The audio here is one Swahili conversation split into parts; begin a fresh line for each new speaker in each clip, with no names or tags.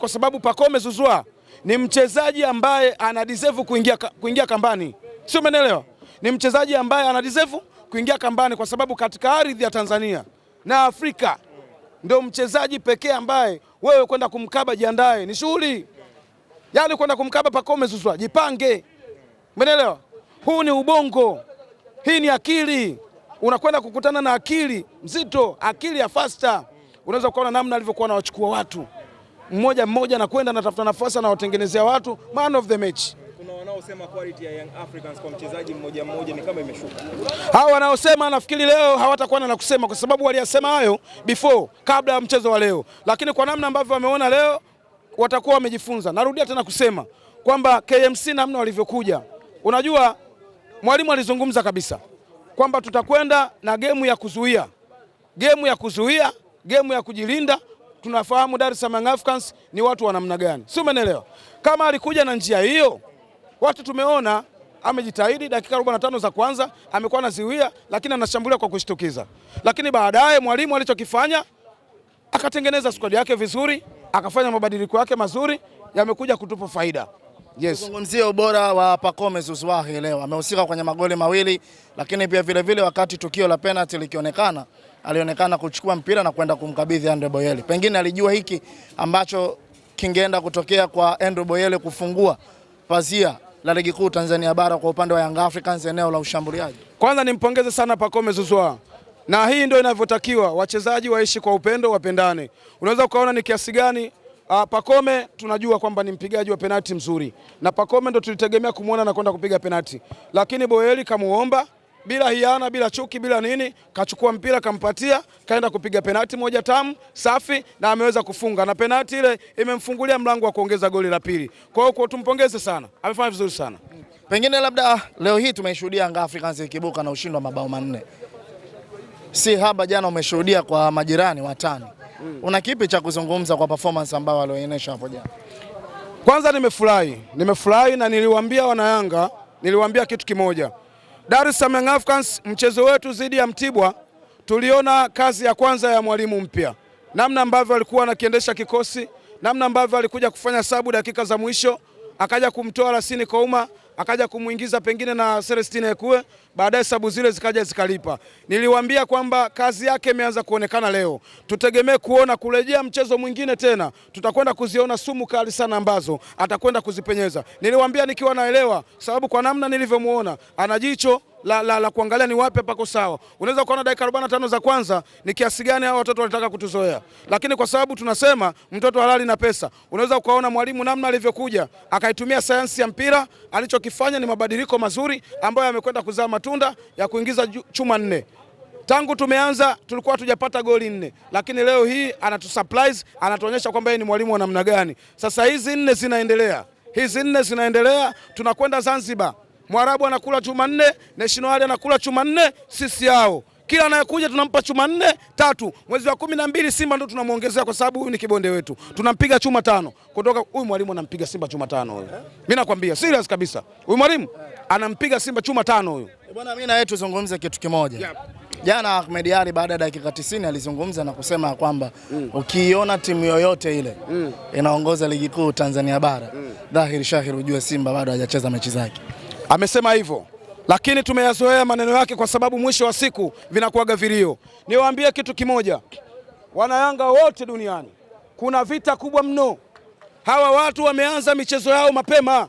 kwa sababu Pacome Zouzoua ni mchezaji ambaye ana deserve kuingia, kuingia kambani, sio umeelewa? Ni mchezaji ambaye ana deserve kuingia kambani kwa sababu katika ardhi ya Tanzania na Afrika ndio mchezaji pekee ambaye wewe kwenda kumkaba, jiandae, ni shughuli. Yaani kwenda kumkaba Pacome Zouzoua, jipange, umeelewa? Huu ni ubongo, hii ni akili. Unakwenda kukutana na akili mzito, akili ya fasta. Unaweza kuona namna alivyokuwa anawachukua watu mmoja mmoja na kwenda natafuta nafasi anawatengenezea watu man of the match.
Kuna wanaosema quality ya Young Africans kwa mchezaji mmoja mmoja ni kama imeshuka.
Hao wanaosema nafikiri leo hawatakuwa na kusema kwa sababu waliyasema hayo before kabla ya mchezo wa leo, lakini kwa namna ambavyo wameona leo watakuwa wamejifunza. Narudia tena kusema kwamba KMC namna walivyokuja, unajua mwalimu alizungumza kabisa kwamba tutakwenda na gemu ya kuzuia, gemu ya kuzuia, gemu ya kujilinda tunafahamu Dar es Salaam Africans ni watu wa namna gani, si umeelewa? Kama alikuja na njia hiyo, watu tumeona amejitahidi dakika 45 za kwanza amekuwa anaziwia, lakini anashambulia kwa kushtukiza. Lakini baadaye mwalimu alichokifanya akatengeneza squad yake vizuri, akafanya mabadiliko yake mazuri, yamekuja kutupa faida.
Yes. Zungumzie ubora wa Pacome Zouzoua leo, amehusika kwenye magoli mawili, lakini pia vilevile vile wakati tukio la penalty likionekana alionekana kuchukua mpira na kwenda kumkabidhi Andre Boyele. Pengine alijua hiki ambacho kingeenda kutokea kwa Andre Boyele kufungua pazia la ligi kuu Tanzania bara kwa upande wa Young Africans eneo la ushambuliaji.
Kwanza nimpongeze sana Pacome Zouzoua na hii ndio inavyotakiwa, wachezaji waishi kwa upendo, wapendane. Unaweza ukaona ni kiasi gani Uh, Pacome tunajua kwamba ni mpigaji wa penalti mzuri, na Pacome ndo tulitegemea kumuona na kwenda kupiga penalti, lakini Boyeli kamuomba bila hiana, bila chuki, bila nini, kachukua mpira kampatia, kaenda kupiga penati moja tamu safi, na ameweza kufunga, na penati ile imemfungulia mlango wa kuongeza goli la pili. Kwa hiyo tumpongeze sana, amefanya vizuri sana.
Pengine labda ah, leo hii tumeshuhudia Yanga Africans ikibuka na ushindi wa mabao manne, si haba. Jana umeshuhudia kwa majirani watani. Hmm. Una kipi cha kuzungumza kwa performance ambayo walioonyesha hapo jana?
Kwanza nimefurahi, nimefurahi na niliwaambia wanayanga, niliwaambia kitu kimoja Dar es Salaam Africans, mchezo wetu dhidi ya Mtibwa, tuliona kazi ya kwanza ya mwalimu mpya, namna ambavyo alikuwa anakiendesha kikosi, namna ambavyo alikuja kufanya sabu dakika za mwisho, akaja kumtoa Rasini Kouma, akaja kumwingiza pengine na Celestine Ekue, baadaye sabu zile zikaja zikalipa. Niliwaambia kwamba kazi yake imeanza kuonekana leo, tutegemee kuona kurejea mchezo mwingine tena, tutakwenda kuziona sumu kali sana ambazo atakwenda kuzipenyeza. Niliwaambia nikiwa naelewa, sababu kwa namna nilivyomuona ana jicho la, la, la kuangalia ni wapi pako sawa. Unaweza kuona dakika 45 za kwanza ni kiasi gani hao watoto walitaka kutuzoea, lakini kwa sababu tunasema mtoto halali na pesa, unaweza kuona mwalimu namna alivyokuja akaitumia sayansi ya mpira. Alichokifanya ni mabadiliko mazuri ambayo yamekwenda kuzaa matunda ya kuingiza chuma nne. Tangu tumeanza tulikuwa hatujapata goli nne, lakini leo hii anatusurprise, anatuonyesha kwamba yeye ni mwalimu wa namna gani. Sasa hizi nne zinaendelea, hizi nne zinaendelea, tunakwenda Zanzibar. Mwarabu anakula chuma nne, national anakula chuma nne, sisi yao kila anayekuja tunampa chuma nne tatu. Mwezi wa kumi na mbili Simba ndo tunamwongezea, kwa sababu huyu ni kibonde wetu, tunampiga chuma tano kutoka huyu mwalimu. Anampiga Simba chuma tano huyu, mimi nakwambia serious kabisa, huyu mwalimu anampiga Simba chuma tano huyu. Eh,
bwana, mimi na wewe tuzungumze kitu kimoja Jana Ahmed Ali baada ya dakika 90 alizungumza na kusema kwamba mm. ukiiona timu yoyote ile mm. inaongoza ligi kuu Tanzania bara mm. dhahiri shahiri ujue Simba bado hajacheza mechi zake
amesema hivyo, lakini tumeyazoea maneno yake, kwa sababu mwisho wa siku vinakuwaga vilio. Niwaambie kitu kimoja, wanayanga wote duniani, kuna vita kubwa mno. Hawa watu wameanza michezo yao mapema,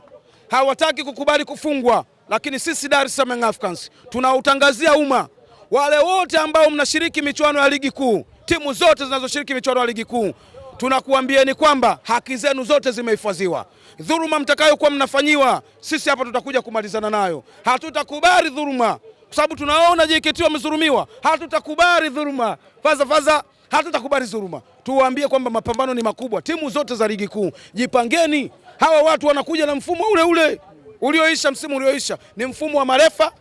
hawataki kukubali kufungwa, lakini sisi Dar es Salaam Africans tunautangazia umma, wale wote ambao mnashiriki michuano ya ligi kuu, timu zote zinazoshiriki michuano ya ligi kuu tunakuambieni kwamba haki zenu zote zimehifadhiwa. Dhuluma mtakayokuwa mnafanyiwa, sisi hapa tutakuja kumalizana nayo. Hatutakubali dhuluma, kwa sababu tunaona JKT wamezulumiwa. Hatutakubali dhuluma faza faza, hatutakubali dhuluma. Tuwaambie kwamba mapambano ni makubwa. Timu zote za ligi kuu jipangeni, hawa watu wanakuja na mfumo ule ule ulioisha msimu ulioisha, ni mfumo wa marefa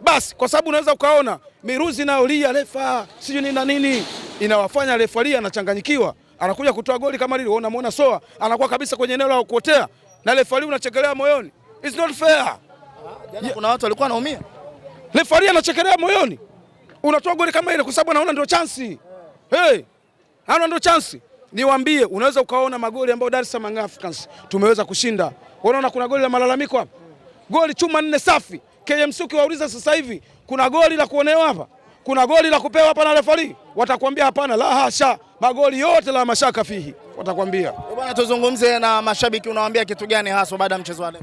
basi, kwa sababu unaweza ukaona miruzi nayolia refa sijui nini na nini, inawafanya refa lia anachanganyikiwa anakuja kutoa goli kama lile, unaona muona Soa anakuwa kabisa kwenye eneo la kuotea na refari unachekelea moyoni. It's not fair. Ah,
jana Kuna watu walikuwa wanaumia,
refari anachekelea moyoni, unatoa goli kama ile kwa sababu anaona ndio chansi. Hey, Anaona ndio chansi. Niwaambie, unaweza ukaona magoli ambayo Dar es Salaam Africans tumeweza kushinda. Unaona kuna goli la malalamiko hapa, goli chuma nne safi. KMC ukiwauliza sasa hivi kuna goli la kuonewa hapa, kuna goli la kupewa hapa na refari, watakwambia hapana, la hasha magoli yote la mashaka fihi, watakwambia
bwana. Tuzungumze na mashabiki, unawaambia kitu gani hasa baada ya mchezo wa leo?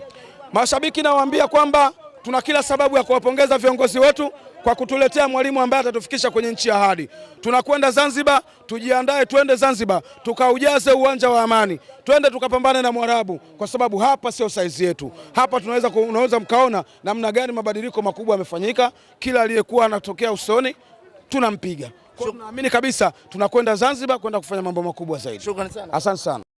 Mashabiki nawaambia kwamba tuna kila sababu ya kuwapongeza viongozi wetu kwa kutuletea mwalimu ambaye atatufikisha kwenye nchi ya ahadi. Tunakwenda Zanzibar, tujiandae, twende Zanzibar tukaujaze uwanja wa Amani, twende tukapambane na Mwarabu, kwa sababu hapa sio saizi yetu. Hapa tunaweza, unaweza mkaona namna gani mabadiliko makubwa yamefanyika. Kila aliyekuwa anatokea usoni tunampiga. Tunaamini kabisa tunakwenda Zanzibar kwenda kufanya mambo makubwa zaidi. Asante sana.